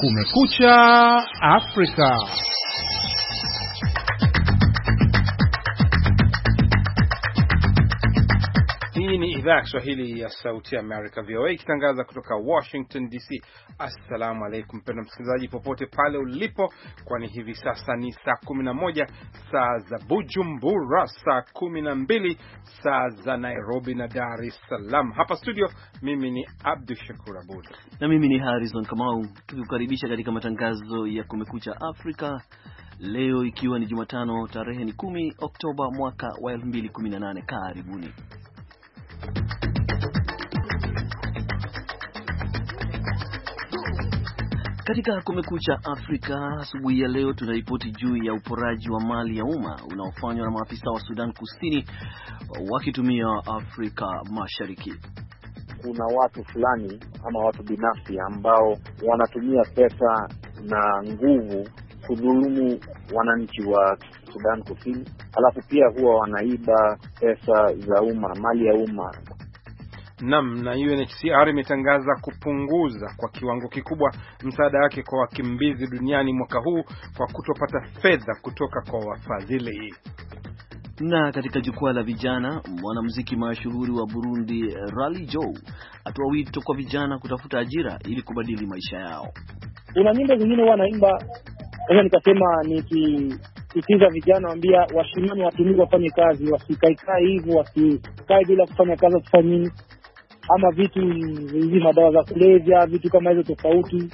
Kumekucha Afrika. idhaa ya Kiswahili ya Sauti ya Amerika, VOA, ikitangaza kutoka Washington DC. Assalamu alaikum, mpendwa msikilizaji, popote pale ulipo, kwani hivi sasa ni saa 11 saa za Bujumbura, saa 12 saa za Nairobi na Dar es Salaam. Hapa studio, mimi ni Abdu Shakur Abud na mimi ni Harrison Kamau, tukikukaribisha katika matangazo ya Kumekucha Afrika leo ikiwa ni Jumatano, tarehe ni 10 Oktoba mwaka wa 2018. Karibuni. Katika Kumekucha Afrika asubuhi ya leo tunaripoti juu ya uporaji wa mali ya umma unaofanywa na maafisa wa Sudan Kusini wakitumia Afrika Mashariki. Kuna watu fulani ama watu binafsi ambao wanatumia pesa na nguvu kudhulumu wananchi wa Sudan Kusini, alafu pia huwa wanaiba pesa za umma, mali ya umma nam na UNHCR imetangaza kupunguza kwa kiwango kikubwa msaada wake kwa wakimbizi duniani mwaka huu kwa kutopata fedha kutoka kwa wafadhili. Na katika jukwaa la vijana, mwanamuziki mashuhuri wa Burundi Rally Joe atoa wito kwa vijana kutafuta ajira ili kubadili maisha yao. kuna nyimbo zingine huwa naimba, naweza nikasema nikisitiza vijana waambia washimani watumii wafanye kazi, wasikaikae hivyo, wasikae bila kufanya kazi, wasifanye nini ama vitu hizi madawa za kulevya, vitu kama hizo tofauti.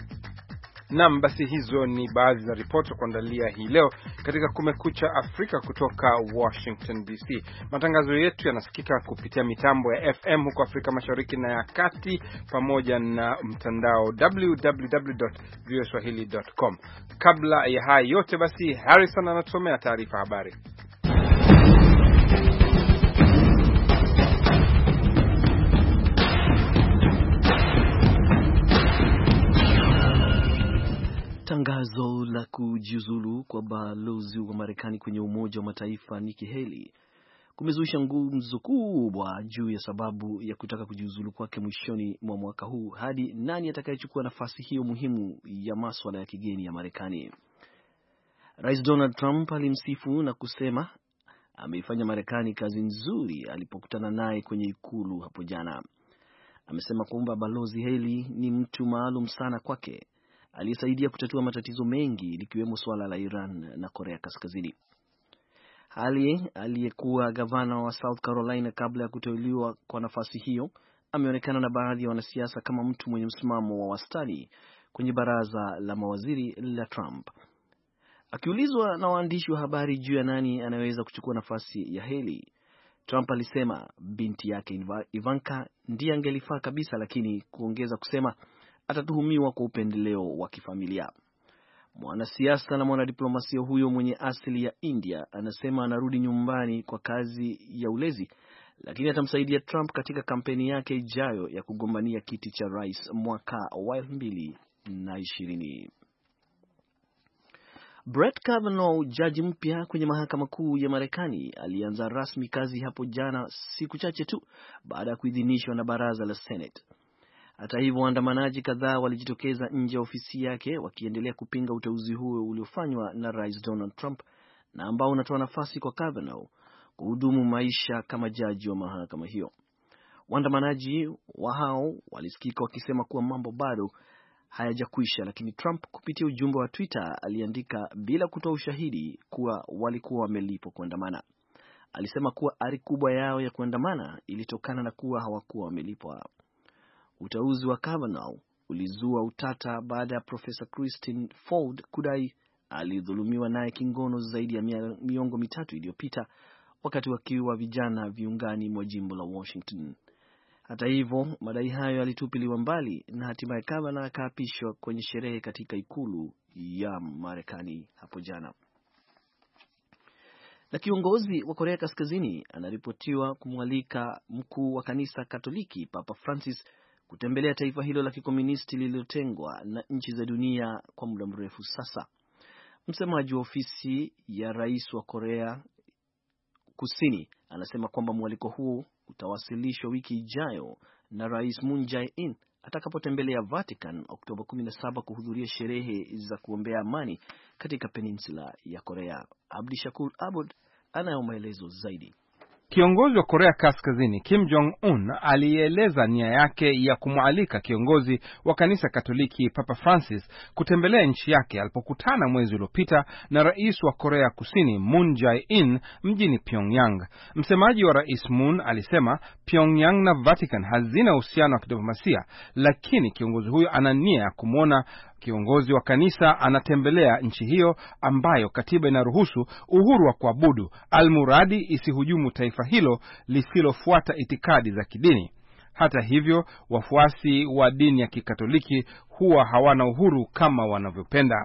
Naam, basi hizo ni baadhi za ripoti za kuandalia hii leo katika Kumekucha Afrika kutoka Washington DC. Matangazo yetu yanasikika kupitia mitambo ya FM huko Afrika Mashariki na ya Kati, pamoja na mtandao www.voaswahili.com. Kabla ya haya yote, basi Harrison anatusomea taarifa habari. Tangazo la kujiuzulu kwa balozi wa Marekani kwenye Umoja wa Mataifa Nikki Haley kumezusha ngumzo kubwa juu ya sababu ya kutaka kujiuzulu kwake mwishoni mwa mwaka huu hadi nani atakayechukua nafasi hiyo muhimu ya maswala ya kigeni ya Marekani. Rais Donald Trump alimsifu na kusema ameifanya Marekani kazi nzuri alipokutana naye kwenye ikulu hapo jana. Amesema kwamba balozi Haley ni mtu maalum sana kwake aliyesaidia kutatua matatizo mengi likiwemo suala la Iran na Korea Kaskazini. Hali aliyekuwa gavana wa South Carolina kabla ya kuteuliwa kwa nafasi hiyo ameonekana na baadhi ya wanasiasa kama mtu mwenye msimamo wa wastani kwenye baraza la mawaziri la Trump. Akiulizwa na waandishi wa habari juu ya nani anayeweza kuchukua nafasi ya Haley, Trump alisema binti yake Ivanka ndiye angelifaa kabisa, lakini kuongeza kusema atatuhumiwa kwa upendeleo wa kifamilia. Mwanasiasa na mwanadiplomasia huyo mwenye asili ya India anasema anarudi nyumbani kwa kazi ya ulezi, lakini atamsaidia Trump katika kampeni yake ijayo ya kugombania kiti cha rais mwaka wa elfu mbili na ishirini. Brett Kavanaugh, jaji mpya kwenye mahakama kuu ya Marekani, alianza rasmi kazi hapo jana, siku chache tu baada ya kuidhinishwa na baraza la Senate. Hata hivyo, waandamanaji kadhaa walijitokeza nje ya ofisi yake wakiendelea kupinga uteuzi huo uliofanywa na Rais Donald Trump na ambao unatoa nafasi kwa Kavanaugh kuhudumu maisha kama jaji wa mahakama hiyo. Waandamanaji wa hao walisikika wakisema kuwa mambo bado hayajakwisha, lakini Trump kupitia ujumbe wa Twitter aliandika bila kutoa ushahidi kuwa walikuwa wamelipwa kuandamana. Alisema kuwa ari kubwa yao ya kuandamana ilitokana na kuwa hawakuwa wamelipwa. Uteuzi wa Kavanaugh ulizua utata baada ya Profesa Christine Ford kudai alidhulumiwa naye kingono zaidi ya miongo mitatu iliyopita wakati wakiwa vijana viungani mwa jimbo la Washington. Hata hivyo, madai hayo yalitupiliwa mbali na hatimaye Kavanaugh akaapishwa kwenye sherehe katika ikulu ya Marekani hapo jana. Na kiongozi wa Korea Kaskazini anaripotiwa kumwalika mkuu wa kanisa Katoliki Papa Francis kutembelea taifa hilo la kikomunisti lililotengwa na nchi za dunia kwa muda mrefu sasa. Msemaji wa ofisi ya rais wa Korea Kusini anasema kwamba mwaliko huo utawasilishwa wiki ijayo na Rais Moon Jae-in atakapotembelea Vatican Oktoba 17 kuhudhuria sherehe za kuombea amani katika peninsula ya Korea. Abdi Shakur Abud anayo maelezo zaidi. Kiongozi wa Korea Kaskazini Kim Jong Un alieleza nia yake ya kumwalika kiongozi wa kanisa Katoliki Papa Francis kutembelea nchi yake alipokutana mwezi uliopita na rais wa Korea Kusini Moon Jae-in mjini Pyongyang. Msemaji wa rais Moon alisema Pyongyang na Vatican hazina uhusiano wa kidiplomasia, lakini kiongozi huyo ana nia ya kumwona kiongozi wa kanisa anatembelea nchi hiyo ambayo katiba inaruhusu uhuru wa kuabudu, almuradi isihujumu taifa hilo lisilofuata itikadi za kidini. Hata hivyo, wafuasi wa dini ya Kikatoliki huwa hawana uhuru kama wanavyopenda.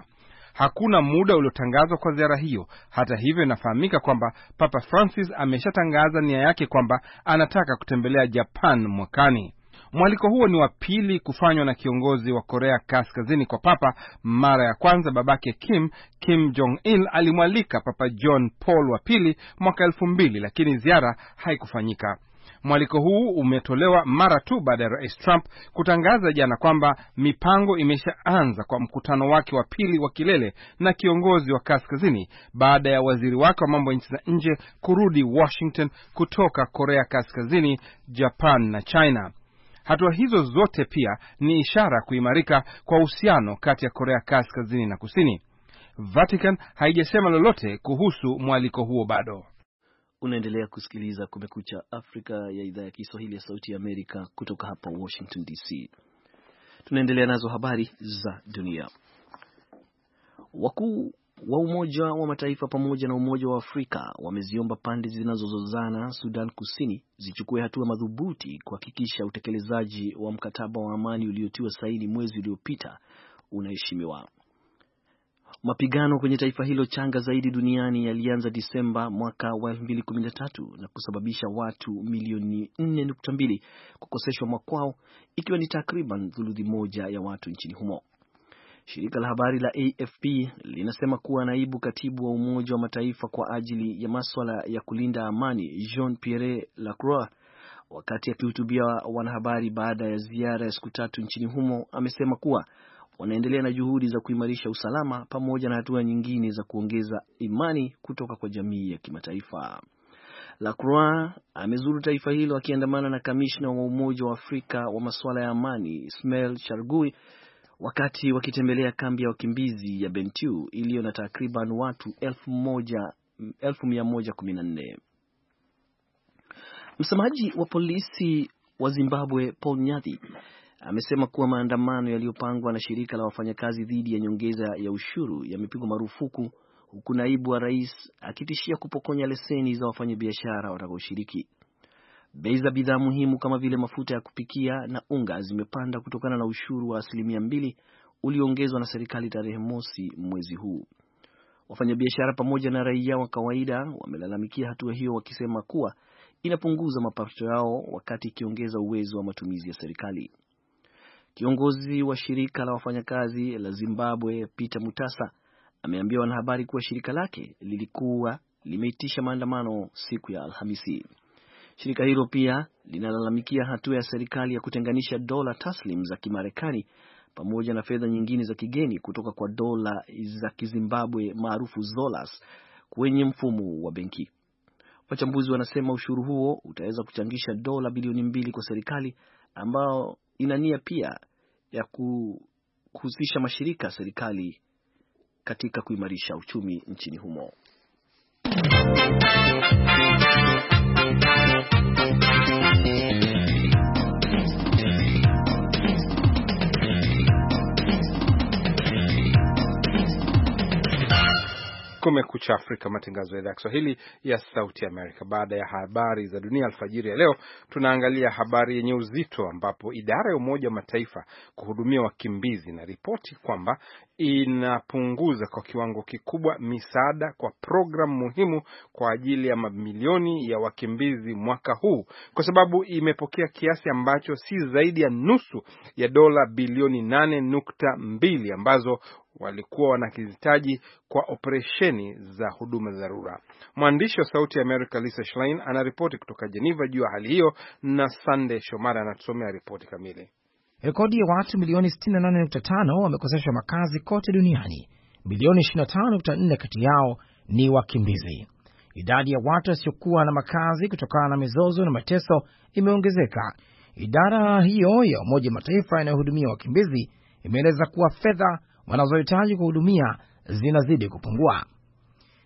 Hakuna muda uliotangazwa kwa ziara hiyo. Hata hivyo, inafahamika kwamba Papa Francis ameshatangaza nia yake kwamba anataka kutembelea Japan mwakani. Mwaliko huo ni wa pili kufanywa na kiongozi wa Korea Kaskazini kwa Papa. Mara ya kwanza babake Kim, Kim Jong Il, alimwalika Papa John Paul wa pili mwaka elfu mbili, lakini ziara haikufanyika. Mwaliko huu umetolewa mara tu baada ya rais Trump kutangaza jana kwamba mipango imeshaanza kwa mkutano wake wa pili wa kilele na kiongozi wa kaskazini baada ya waziri wake wa mambo ya nchi za nje kurudi Washington kutoka Korea Kaskazini, Japan na China. Hatua hizo zote pia ni ishara kuimarika kwa uhusiano kati ya Korea Kaskazini na Kusini. Vatican haijasema lolote kuhusu mwaliko huo bado. Unaendelea kusikiliza Kumekucha Afrika ya idhaa ya Kiswahili ya Sauti ya Amerika kutoka hapa Washington DC. Tunaendelea nazo habari za dunia. Wakuu wa Umoja wa Mataifa pamoja na Umoja wa Afrika wameziomba pande zinazozozana Sudan Kusini zichukue hatua madhubuti kuhakikisha utekelezaji wa mkataba wa amani uliotiwa saini mwezi uliopita unaheshimiwa. Mapigano kwenye taifa hilo changa zaidi duniani yalianza Disemba mwaka wa 2013 na kusababisha watu milioni 4.2 kukoseshwa makwao ikiwa ni takriban thuluthi moja ya watu nchini humo. Shirika la habari la AFP linasema kuwa naibu katibu wa Umoja wa Mataifa kwa ajili ya maswala ya kulinda amani Jean Pierre Lacroix, wakati akihutubia wanahabari baada ya ziara ya siku tatu nchini humo, amesema kuwa wanaendelea na juhudi za kuimarisha usalama pamoja na hatua nyingine za kuongeza imani kutoka kwa jamii ya kimataifa. Lacroix amezuru taifa hilo akiandamana na kamishna wa Umoja wa Afrika wa masuala ya amani Ismail Chargui wakati wakitembelea kambi ya wakimbizi ya Bentiu iliyo na takriban watu 1114. Msemaji wa polisi wa Zimbabwe Paul Nyathi amesema kuwa maandamano yaliyopangwa na shirika la wafanyakazi dhidi ya nyongeza ya ushuru yamepigwa marufuku huku naibu wa rais akitishia kupokonya leseni za wafanyabiashara watakaoshiriki. Bei za bidhaa muhimu kama vile mafuta ya kupikia na unga zimepanda kutokana na ushuru wa asilimia mbili ulioongezwa na serikali tarehe mosi mwezi huu. Wafanyabiashara pamoja na raia wa kawaida wamelalamikia hatua hiyo, wakisema kuwa inapunguza mapato yao wakati ikiongeza uwezo wa matumizi ya serikali. Kiongozi wa shirika la wafanyakazi la Zimbabwe Peter Mutasa ameambia wanahabari kuwa shirika lake lilikuwa limeitisha maandamano siku ya Alhamisi. Shirika hilo pia linalalamikia hatua ya serikali ya kutenganisha dola taslim za Kimarekani pamoja na fedha nyingine za kigeni kutoka kwa dola za Kizimbabwe maarufu Zolas kwenye mfumo wa benki. Wachambuzi wanasema ushuru huo utaweza kuchangisha dola bilioni mbili kwa serikali ambayo ina nia pia ya kuhusisha mashirika ya serikali katika kuimarisha uchumi nchini humo. Kumekucha Afrika, matangazo ya idhaa ya Kiswahili ya Sauti Amerika. Baada ya habari za dunia alfajiri ya leo, tunaangalia habari yenye uzito ambapo idara ya Umoja wa Mataifa kuhudumia wakimbizi inaripoti kwamba inapunguza kwa kiwango kikubwa misaada kwa programu muhimu kwa ajili ya mamilioni ya wakimbizi mwaka huu kwa sababu imepokea kiasi ambacho si zaidi ya nusu ya dola bilioni nane nukta mbili ambazo walikuwa wanakihitaji kwa operesheni za huduma za dharura. Mwandishi wa Sauti ya Amerika Lisa Schlein anaripoti kutoka Jeneva juu ya hali hiyo, na Sandey Shomari anatusomea ripoti kamili. Rekodi ya watu milioni 68.5 wamekoseshwa makazi kote duniani. Milioni 25.4 kati yao ni wakimbizi. Idadi ya watu wasiokuwa na makazi kutokana na mizozo na mateso imeongezeka. Idara hiyo ya Umoja Mataifa inayohudumia wakimbizi imeeleza kuwa fedha wanazohitaji kuhudumia zinazidi kupungua.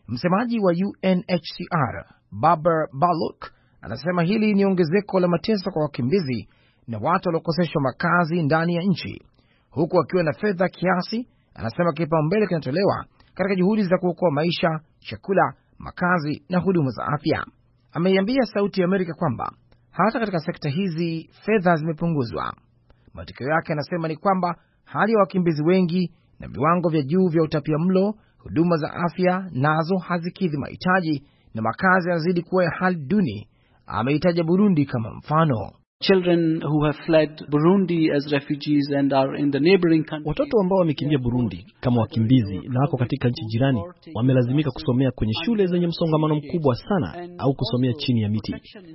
Msemaji wa UNHCR Baber Baluk anasema hili ni ongezeko la mateso kwa wakimbizi na watu waliokoseshwa makazi ndani ya nchi, huku akiwa na fedha kiasi. Anasema kipaumbele kinatolewa katika juhudi za kuokoa maisha, chakula, makazi na huduma za afya. Ameiambia Sauti ya Amerika kwamba hata katika sekta hizi fedha zimepunguzwa. Matokeo yake, anasema ni kwamba hali ya wakimbizi wengi na viwango vya juu vya utapia mlo, huduma za afya nazo hazikidhi mahitaji na makazi yanazidi kuwa ya hali duni. Ameitaja Burundi kama mfano. Children who have fled Burundi as refugees and are in the neighboring country. Watoto ambao wamekimbia Burundi kama wakimbizi na wako katika nchi jirani wamelazimika kusomea kwenye shule zenye msongamano mkubwa sana au kusomea chini ya miti.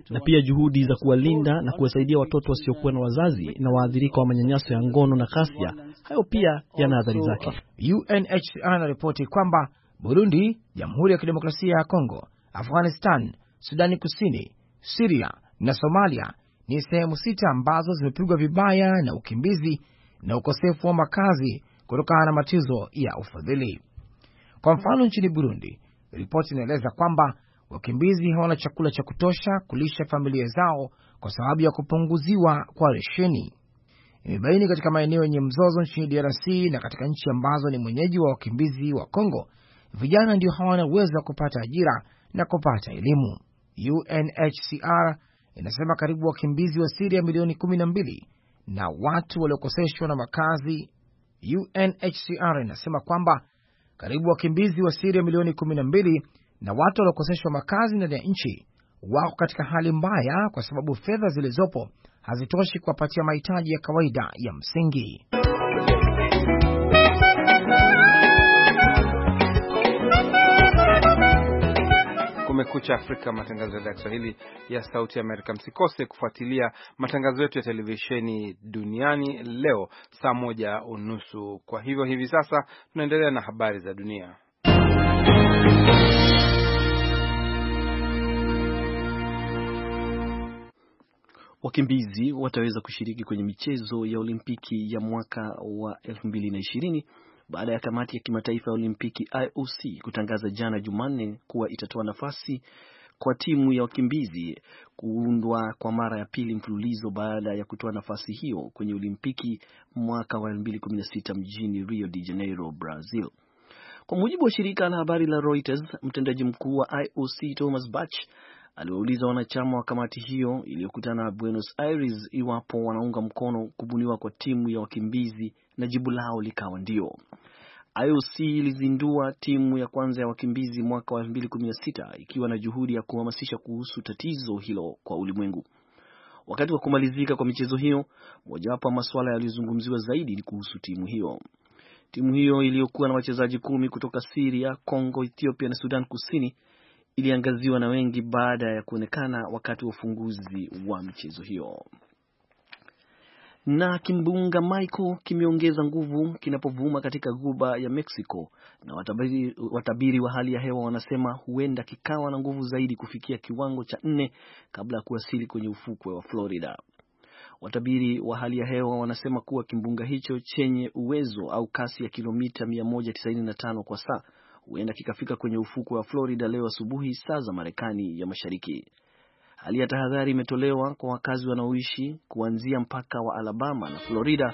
Na pia juhudi za kuwalinda na kuwasaidia watoto wasiokuwa na wazazi na waathirika wa manyanyaso ya ngono na ghasia, hayo pia yana athari zake. UNHCR anaripoti kwamba Burundi, Jamhuri ya Kidemokrasia ya Kongo, Afghanistan, Sudani Kusini, Siria na Somalia ni sehemu sita ambazo zimepigwa vibaya na ukimbizi na ukosefu wa makazi kutokana na matizo ya ufadhili. Kwa mfano, nchini Burundi, ripoti inaeleza kwamba wakimbizi hawana chakula cha kutosha kulisha familia zao kwa sababu ya kupunguziwa kwa resheni. Imebaini katika maeneo yenye mzozo nchini DRC na katika nchi ambazo ni mwenyeji wa wakimbizi wa Kongo, vijana ndio hawana uwezo wa kupata ajira na kupata elimu. UNHCR inasema karibu wakimbizi wa Siria milioni 12 na watu waliokoseshwa na makazi. UNHCR inasema kwamba karibu wakimbizi wa Siria milioni 12 na watu waliokoseshwa makazi ndani ya nchi wako katika hali mbaya, kwa sababu fedha zilizopo hazitoshi kuwapatia mahitaji ya kawaida ya msingi. Kumekucha Afrika, matangazo ya idhaa ya Kiswahili ya Sauti ya Amerika. Msikose kufuatilia matangazo yetu ya televisheni duniani leo saa moja unusu. Kwa hivyo hivi sasa tunaendelea na habari za dunia. Wakimbizi wataweza kushiriki kwenye michezo ya Olimpiki ya mwaka wa 2020 baada ya kamati ya kimataifa ya Olimpiki IOC kutangaza jana Jumanne kuwa itatoa nafasi kwa timu ya wakimbizi kuundwa kwa mara ya pili mfululizo baada ya kutoa nafasi hiyo kwenye Olimpiki mwaka wa 2016 mjini Rio de Janeiro, Brazil. Kwa mujibu wa shirika la habari la Reuters, mtendaji mkuu wa IOC Thomas Bach aliwauliza wanachama wa kamati hiyo iliyokutana Buenos Aires iwapo wanaunga mkono kubuniwa kwa timu ya wakimbizi na jibu lao likawa ndio. IOC ilizindua timu ya kwanza ya wakimbizi mwaka wa 2016 ikiwa na juhudi ya kuhamasisha kuhusu tatizo hilo kwa ulimwengu. Wakati wa kumalizika kwa michezo hiyo, mojawapo ya masuala yaliyozungumziwa zaidi ni kuhusu timu hiyo. Timu hiyo iliyokuwa na wachezaji kumi kutoka Siria, Congo, Ethiopia na Sudan Kusini iliangaziwa na wengi baada ya kuonekana wakati wa ufunguzi wa michezo hiyo na kimbunga Michael kimeongeza nguvu kinapovuma katika guba ya Mexico, na watabiri, watabiri wa hali ya hewa wanasema huenda kikawa na nguvu zaidi kufikia kiwango cha nne kabla ya kuwasili kwenye ufukwe wa Florida. Watabiri wa hali ya hewa wanasema kuwa kimbunga hicho chenye uwezo au kasi ya kilomita 195 kwa saa huenda kikafika kwenye ufukwe wa Florida leo asubuhi saa za Marekani ya Mashariki. Hali ya tahadhari imetolewa kwa wakazi wanaoishi kuanzia mpaka wa Alabama na Florida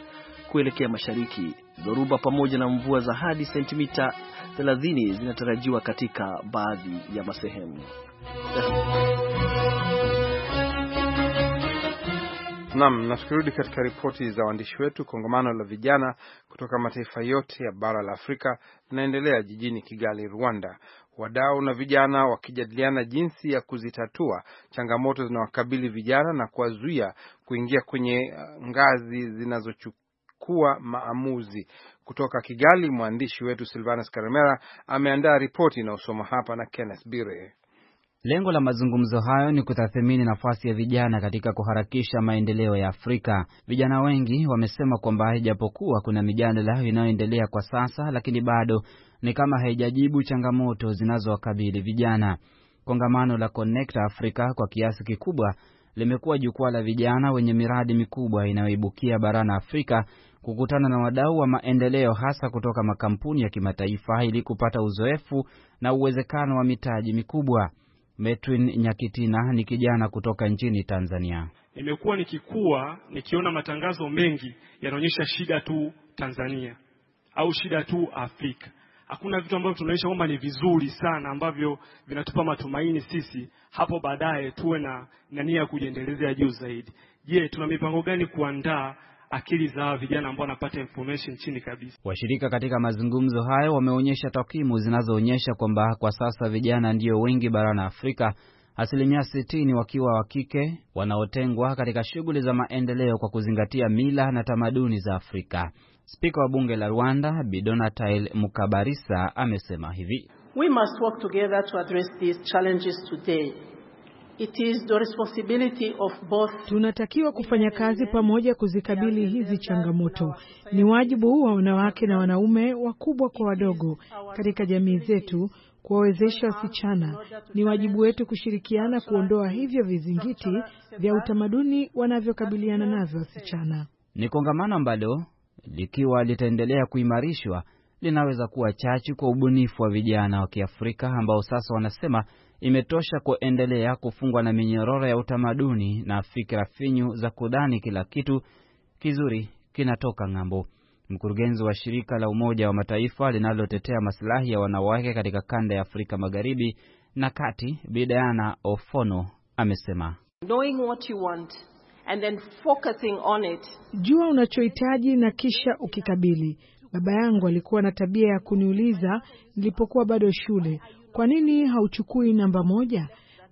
kuelekea mashariki. Dhoruba pamoja na mvua za hadi sentimita 30 zinatarajiwa katika baadhi ya masehemu. Naam, na tukirudi katika ripoti za waandishi wetu, kongamano la vijana kutoka mataifa yote ya bara la Afrika linaendelea jijini Kigali, Rwanda, wadau na vijana wakijadiliana jinsi ya kuzitatua changamoto zinawakabili vijana na kuwazuia kuingia kwenye uh, ngazi zinazochukua maamuzi. Kutoka Kigali, mwandishi wetu Silvanus Karemera ameandaa ripoti inayosoma hapa na Kenneth Bire. Lengo la mazungumzo hayo ni kutathmini nafasi ya vijana katika kuharakisha maendeleo ya Afrika. Vijana wengi wamesema kwamba ijapokuwa kuna mijadala inayoendelea kwa sasa, lakini bado ni kama haijajibu changamoto zinazowakabili vijana. Kongamano la Connect Africa kwa kiasi kikubwa limekuwa jukwaa la vijana wenye miradi mikubwa inayoibukia barani Afrika kukutana na wadau wa maendeleo hasa kutoka makampuni ya kimataifa ili kupata uzoefu na uwezekano wa mitaji mikubwa. Metwin Nyakitina ni kijana kutoka nchini Tanzania. Nimekuwa nikikua nikiona matangazo mengi yanaonyesha shida tu Tanzania au shida tu Afrika. Hakuna vitu ambavyo tunaonyesha kwamba ni vizuri sana ambavyo vinatupa matumaini sisi hapo baadaye tuwe na nia ya kujiendelezea juu zaidi. Je, tuna mipango gani kuandaa akili za vijana ambao wanapata information chini kabisa. Washirika katika mazungumzo hayo wameonyesha takwimu zinazoonyesha kwamba kwa sasa vijana ndio wengi barani Afrika, asilimia sitini wakiwa wa kike wanaotengwa katika shughuli za maendeleo kwa kuzingatia mila na tamaduni za Afrika. Spika wa bunge la Rwanda Bidonatail Mukabarisa amesema hivi: We must work together to address these challenges today. It is the responsibility of both. Tunatakiwa kufanya kazi pamoja kuzikabili hizi changamoto. Ni wajibu wa wanawake na wanaume, wakubwa kwa wadogo, katika jamii zetu kuwawezesha wasichana. Ni wajibu wetu kushirikiana kuondoa hivyo vizingiti vya utamaduni wanavyokabiliana navyo wasichana. Ni kongamano ambalo likiwa litaendelea kuimarishwa linaweza kuwa chachu kwa ubunifu wa vijana wa Kiafrika ambao sasa wanasema imetosha kuendelea kufungwa na minyororo ya utamaduni na fikira finyu za kudhani kila kitu kizuri kinatoka ng'ambo. Mkurugenzi wa shirika la Umoja wa Mataifa linalotetea masilahi ya wanawake katika kanda ya Afrika Magharibi na Kati, Bidiana Ofono amesema Knowing what you want and then focusing on it. Jua unachohitaji na kisha ukikabili. Baba yangu alikuwa na tabia ya kuniuliza nilipokuwa bado shule, kwa nini hauchukui namba moja?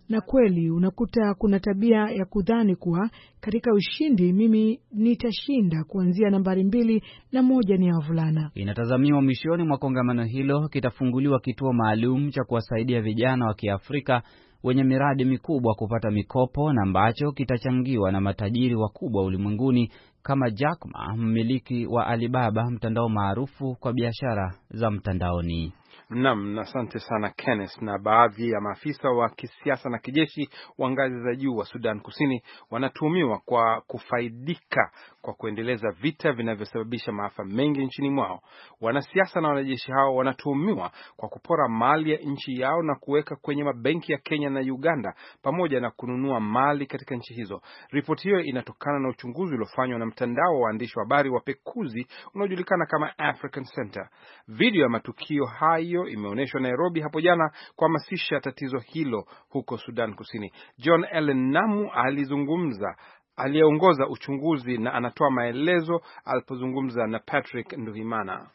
Na kweli unakuta kuna tabia ya kudhani kuwa katika ushindi mimi nitashinda kuanzia nambari mbili na moja ni ya wavulana. Inatazamiwa mwishoni mwa kongamano hilo kitafunguliwa kituo maalum cha kuwasaidia vijana wa Kiafrika wenye miradi mikubwa kupata mikopo na ambacho kitachangiwa na matajiri wakubwa ulimwenguni kama Jack Ma, mmiliki wa Alibaba, mtandao maarufu kwa biashara za mtandaoni. Naam, asante sana Kenneth. Na baadhi ya maafisa wa kisiasa na kijeshi wa ngazi za juu wa Sudan Kusini wanatuhumiwa kwa kufaidika kwa kuendeleza vita vinavyosababisha maafa mengi nchini mwao. Wanasiasa na wanajeshi hao wanatuhumiwa kwa kupora mali ya nchi yao na kuweka kwenye mabenki ya Kenya na Uganda pamoja na kununua mali katika nchi hizo. Ripoti hiyo inatokana na uchunguzi uliofanywa na mtandao wa waandishi wa habari wapekuzi unaojulikana kama African Center. Video ya matukio hayo imeonyeshwa Nairobi hapo jana kuhamasisha tatizo hilo huko Sudan Kusini. John Ellen Namu alizungumza aliyeongoza uchunguzi na anatoa maelezo alipozungumza na Patrick Nduhimana.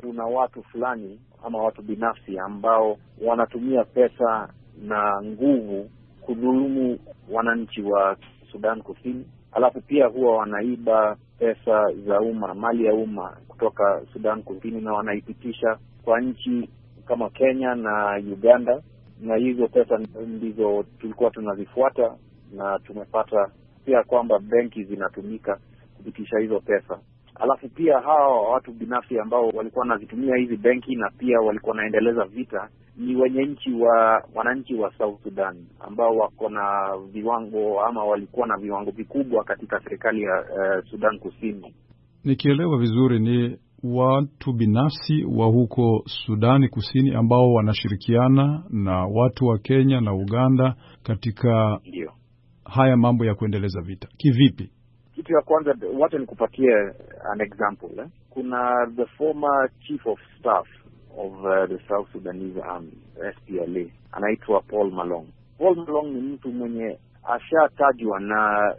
Kuna watu fulani ama watu binafsi ambao wanatumia pesa na nguvu kudhulumu wananchi wa Sudan Kusini, alafu pia huwa wanaiba pesa za umma, mali ya umma kutoka Sudan Kusini na wanaipitisha kwa nchi kama Kenya na Uganda, na hizo pesa ndizo tulikuwa tunazifuata na tumepata kuhakikishia kwamba benki zinatumika kupitisha hizo pesa. Alafu pia hawa watu binafsi ambao walikuwa wanazitumia hizi benki na pia walikuwa wanaendeleza vita ni wenye nchi wa wananchi wa South Sudan ambao wako na viwango ama walikuwa na viwango vikubwa katika serikali ya uh, Sudan Kusini. Nikielewa vizuri ni watu binafsi wa huko Sudani Kusini ambao wanashirikiana na watu wa Kenya na Uganda katika Ndiyo haya mambo ya kuendeleza vita kivipi? Kitu ya kwanza, wacha nikupatie an example eh? Kuna the former chief of staff of uh, the South Sudanese Army SPLA anaitwa Paul Malong. Paul Malong ni mtu mwenye ashatajwa na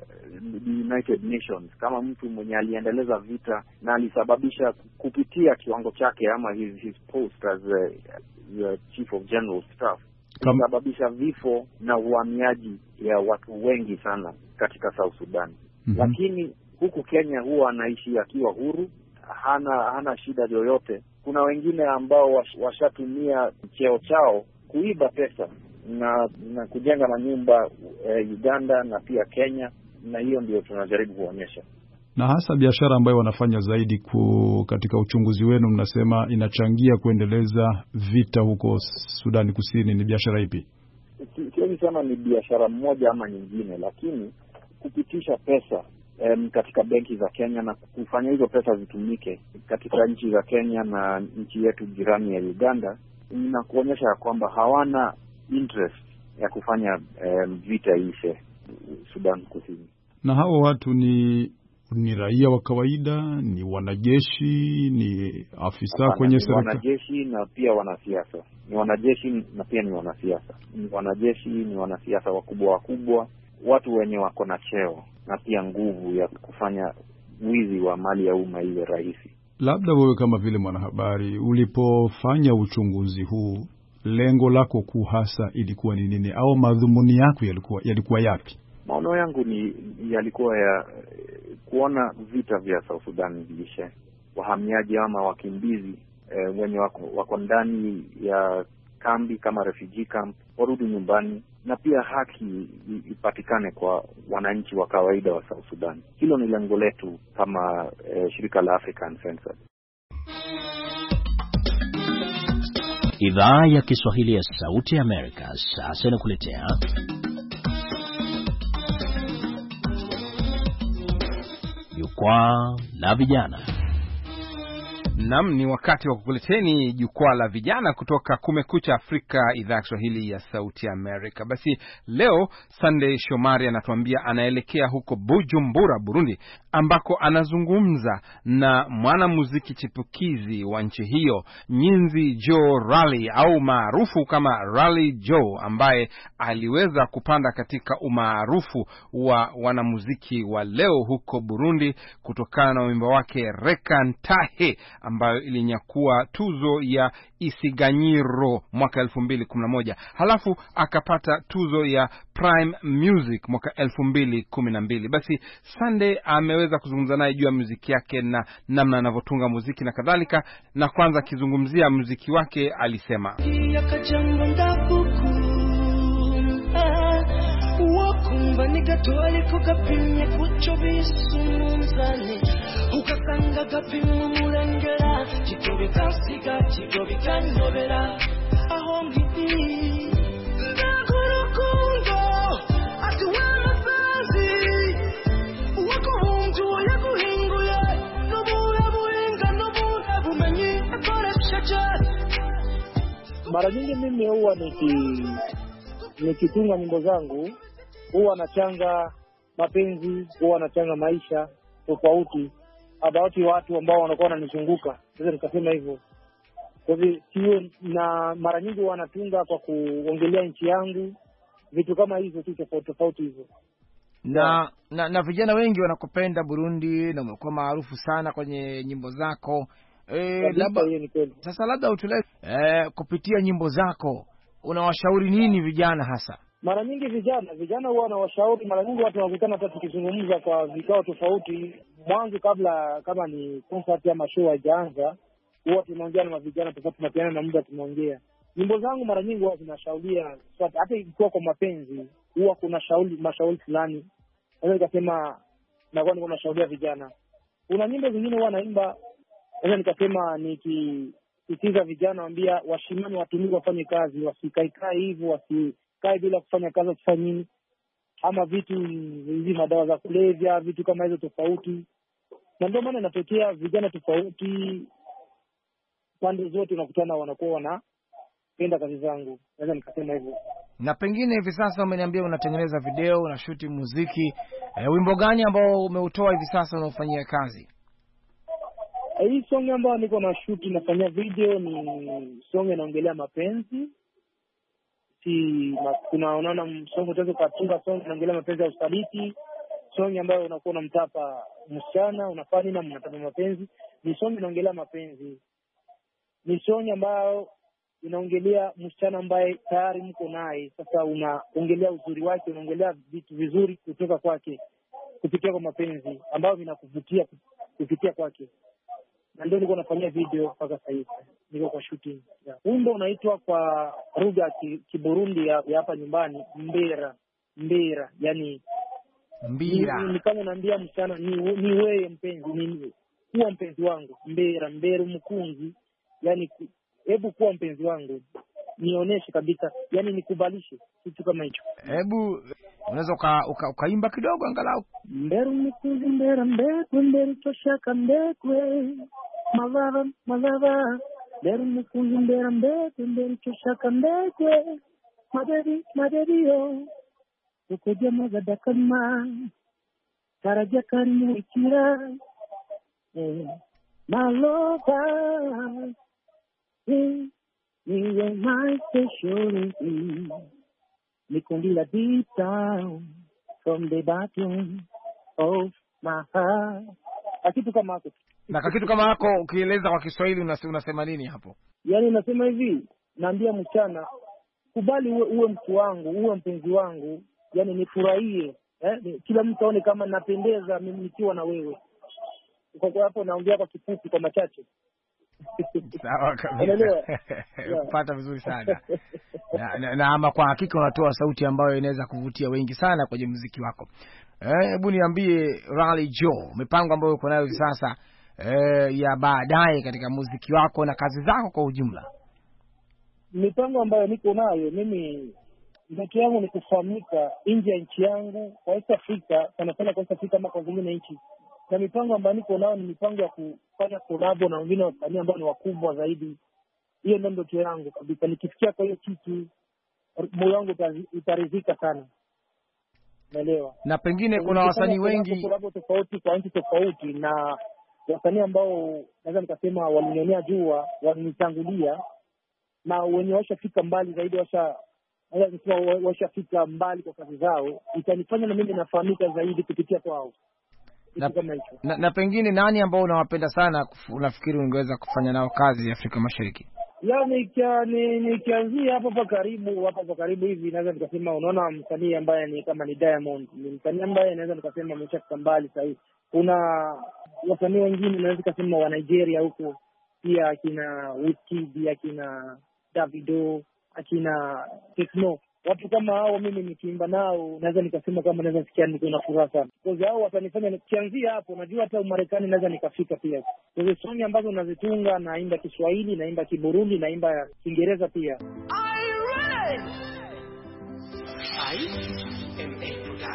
the United Nations kama mtu mwenye aliendeleza vita na alisababisha kupitia kiwango chake ama his, his post as uh, a chief of general staff kusababisha vifo na uhamiaji ya watu wengi sana katika South Sudan. mm -hmm. Lakini huku Kenya huwa anaishi akiwa huru, hana hana shida yoyote. Kuna wengine ambao washatumia cheo chao kuiba pesa na, na kujenga manyumba e, Uganda na pia Kenya, na hiyo ndio tunajaribu kuonyesha na hasa biashara ambayo wanafanya zaidi ku, katika uchunguzi wenu mnasema inachangia kuendeleza vita huko Sudani Kusini, ni biashara ipi? Siwezi sema ni biashara mmoja ama nyingine, lakini kupitisha pesa em, katika benki za Kenya na kufanya hizo pesa zitumike katika nchi za Kenya na nchi yetu jirani ya Uganda inakuonyesha ya kwamba hawana interest ya kufanya em, vita ishe Sudan Kusini. Na hao watu ni ni raia wa kawaida, ni wanajeshi, ni afisa Kana, kwenye serikali? Wanajeshi na pia wanasiasa. Ni wanajeshi na pia ni wanasiasa. Ni wanajeshi, ni wanasiasa wakubwa wakubwa, watu wenye wako na cheo na pia nguvu ya kufanya wizi wa mali ya umma iwe rahisi. Labda wewe kama vile mwanahabari, ulipofanya uchunguzi huu, lengo lako kuu hasa ilikuwa ni nini, au madhumuni yako yalikuwa yalikuwa yapi? Maono yangu ni yalikuwa ya kuona vita vya South Sudan viishe, wahamiaji ama wakimbizi e, wenye wako, wako ndani ya kambi kama refugee camp warudi nyumbani na pia haki ipatikane kwa wananchi wa kawaida wa South Sudan. Hilo ni lengo letu kama e, shirika la African Census. Idhaa ya Kiswahili ya Sauti ya Amerika sasa inakuletea jukwaa la vijana. Nam, ni wakati wa kukuleteni jukwaa la vijana kutoka Kumekucha Afrika, idhaa ya Kiswahili ya Sauti Amerika. Basi leo sandey Shomari anatuambia anaelekea huko Bujumbura, Burundi, ambako anazungumza na mwanamuziki chipukizi wa nchi hiyo Nyinzi Jo Rali au maarufu kama Rali Jo, ambaye aliweza kupanda katika umaarufu wa wanamuziki wa leo huko Burundi kutokana na wimbo wake Reka Ntahe ambayo ilinyakua tuzo ya Isiganyiro mwaka elfu mbili kumi na moja. Halafu akapata tuzo ya Prime Music mwaka elfu mbili kumi na mbili. Basi Sunday ameweza kuzungumza naye juu ya muziki yake na namna anavyotunga muziki na kadhalika, na kwanza akizungumzia muziki wake alisema ah, kucho ukasanga gapimu mulengera kigobeka siga kigobeka nyobera aho nkiri ngakurukundo ati we mapenzi wako muntu yaguhinguye buhinga n'ubura bumenyi akoresheje mara nyingi mimi huwa nikitunga nyimbo zangu huwa nachanga mapenzi, huwa nachanga maisha tofauti about watu ambao wanakuwa wananizunguka, naweza nikasema hivyo. Kwa na mara nyingi wanatunga kwa kuongelea nchi yangu, vitu kama hizo tu tofauti tofauti hivyo na na, na vijana wengi wanakupenda Burundi na umekuwa maarufu sana kwenye nyimbo zako e, eh, laba, sasa labda utulee eh, kupitia nyimbo zako unawashauri nini vijana hasa? Mara nyingi vijana vijana huwa wanawashauri, mara nyingi watu wanakutana, hata tukizungumza kwa vikao tofauti, mwanzo kabla kama ni concert ama show haijaanza, huwa tunaongea na mavijana tofauti, tunapeana na muda, tunaongea. Nyimbo zangu mara nyingi huwa zinashaulia hata ikiwa kwa mapenzi huwa kuna shauli mashauri fulani, naweza nikasema nakuwa niko nashaulia vijana. Kuna nyimbo zingine huwa naimba, naweza nikasema niki nikisitiza vijana, wambia washimani, watumii, wafanye kazi, wasikaikae hivyo wasi kae bila kufanya kazi, tufanye nini? Ama vitu hizi madawa za kulevya, vitu kama hizo tofauti, na ndio maana inatokea vijana tofauti pande zote unakutana, wanakuwa wanapenda kazi zangu, naweza nikasema hivyo. Na pengine hivi sasa umeniambia unatengeneza video, unashuti muziki e, wimbo gani ambao umeutoa hivi sasa unaofanyia kazi? E, hii song ambayo niko na shuti nafanyia video ni song inaongelea mapenzi si kuna unaona msongo, utaweza ukatunga songo unaongelea mapenzi ya usaliti, songi ambayo unakuwa unamtapa msichana unafanya na mnatapa mapenzi. Ni songi inaongelea mapenzi, ni songi ambayo inaongelea msichana ambaye tayari mko naye sasa, unaongelea uzuri wake, unaongelea vitu vizuri kutoka kwake kupitia kwa mapenzi ambayo vinakuvutia kupitia kwake na ndio nilikuwa nafanyia video mpaka sasa hivi, niko kwa shooting. Wimbo unaitwa kwa lugha ya Kiburundi ya hapa nyumbani mbera mbera, yani mbira, ni kama unaambia msichana ni, ni wewe mpenzi, ni kuwa mpenzi wangu, mbera mberu mkunzi, yani hebu kuwa mpenzi wangu nionyeshe kabisa, yani nikubalishe kitu kama hicho. Hebu unaweza uka, ukaimba uka kidogo angalau. mberu mkunzi mbera mbekwe mberu toshaka mbekwe My my lover, lover, Malavan, Malavan, Dermi kuyum deram betim beri kuşakan bete. Maderi, maderi yo. Kukuja magadakan ma. Karaja my ikira. Malova. Niwe maisha shoriki. Nikundi la deep down from the bottom of my heart. Akitu kama kitu. na kitu kama hako ukieleza kwa Kiswahili unasema nini hapo? Yaani nasema hivi, naambia msichana, kubali uwe, uwe mtu wangu, uwe mpenzi wangu, yaani nifurahie eh? Kila mtu aone kama napendeza mimi nikiwa na wewe. Kwa hapo naongea kwa kifupi, kwa machache. Sawa kabisa, pata vizuri sana na, na, na ama kwa hakika unatoa sauti ambayo inaweza kuvutia wengi sana kwenye muziki wako. Eh, hebu eh, niambie Rally Joe, mipango ambayo uko nayo hivi sasa eh, ya baadaye katika muziki wako na kazi zako kwa ujumla? Mipango ambayo niko nayo mimi, ndoto yangu ni kufahamika nje ya nchi yangu kwa East Africa, sana sana kwa East Africa ama kwa zingine nchi, na mipango ambayo niko nayo ni mipango ya kufanya kolabo na wengine wasanii ambao ni wakubwa zaidi. Hiyo ndio ndoto yangu kabisa. Nikifikia kwa hiyo kitu, moyo wangu utaridhika sana. Naelewa. Na pengine kuna wasanii wengi tofauti kwa nchi tofauti na wasanii ambao naweza nikasema walinionea jua walinitangulia na wenye washafika mbali zaidi, washa washafika mbali kwa kazi zao, itanifanya na mimi nafahamika zaidi kupitia kwao. Na, na, na pengine nani ambao unawapenda sana unafikiri ungeweza kufanya nao kazi Afrika Mashariki? Ya nikianzia hapa hapa karibu hapa hapa karibu hivi naweza nikasema, unaona msanii ambaye ni kama ni Diamond, ni msanii ambaye naweza nikasema ameshafika mbali sahii, kuna wasanii wengine naweza kasema wa Nigeria huko pia, akina Wizkid, akina Davido, akina Tekno, watu kama hao. Mimi nikiimba nao naweza nikasema kama naweza sikia niko na furaha sana, because hao watanifanya nikianzia hapo, najua hata Umarekani naweza nikafika pia. Kwa songi ambazo nazitunga, naimba Kiswahili, naimba Kiburundi, naimba Kiingereza pia I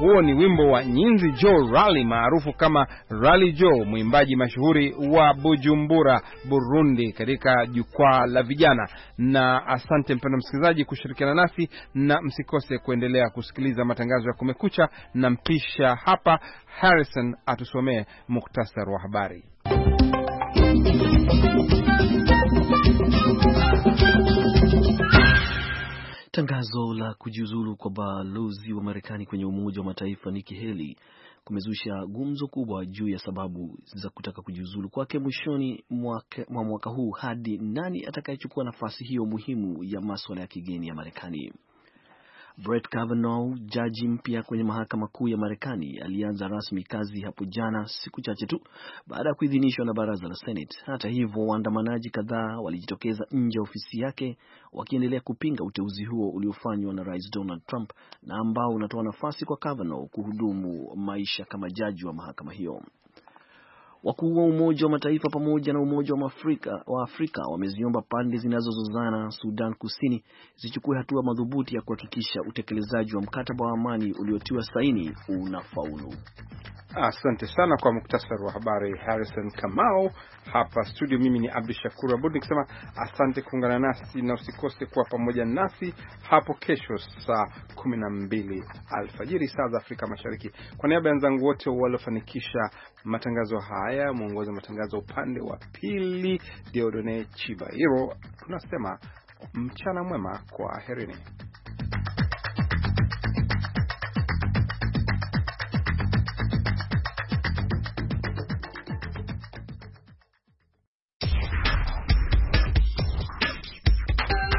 Huo ni wimbo wa Nyinzi Joe Rali maarufu kama Rali Joe, mwimbaji mashuhuri wa Bujumbura, Burundi, katika jukwaa la vijana. Na asante mpendwa msikilizaji kushirikiana nasi, na msikose kuendelea kusikiliza matangazo ya Kumekucha, na mpisha hapa Harrison atusomee muktasar wa habari. Tangazo la kujiuzulu kwa balozi wa Marekani kwenye Umoja wa Mataifa Nikki Haley kumezusha gumzo kubwa juu ya sababu za kutaka kujiuzulu kwake mwishoni mwa mwaka huu hadi nani atakayechukua nafasi hiyo muhimu ya maswala ya kigeni ya Marekani. Brett Kavanaugh, jaji mpya kwenye mahakama kuu ya Marekani, alianza rasmi kazi hapo jana, siku chache tu baada ya kuidhinishwa na baraza la Senate. Hata hivyo, waandamanaji kadhaa walijitokeza nje ya ofisi yake wakiendelea kupinga uteuzi huo uliofanywa na Rais Donald Trump na ambao unatoa nafasi kwa Kavanaugh kuhudumu maisha kama jaji wa mahakama hiyo. Wakuu wa Umoja wa Mataifa pamoja na Umoja wa Afrika, wa Afrika wameziomba pande zinazozozana Sudan Kusini zichukue hatua madhubuti ya kuhakikisha utekelezaji wa mkataba wa amani uliotiwa saini unafaulu. Asante sana kwa muktasari wa habari, Harrison Kamau. Hapa studio, mimi ni Abdu Shakur Abud nikisema asante kuungana nasi na usikose kuwa pamoja nasi hapo kesho saa kumi na mbili alfajiri saa za Afrika Mashariki. Kwa niaba ya wenzangu wote waliofanikisha matangazo haya, mwongozi wa matangazo upande wa pili Deodone Chibahiro, tunasema mchana mwema, kwa herini.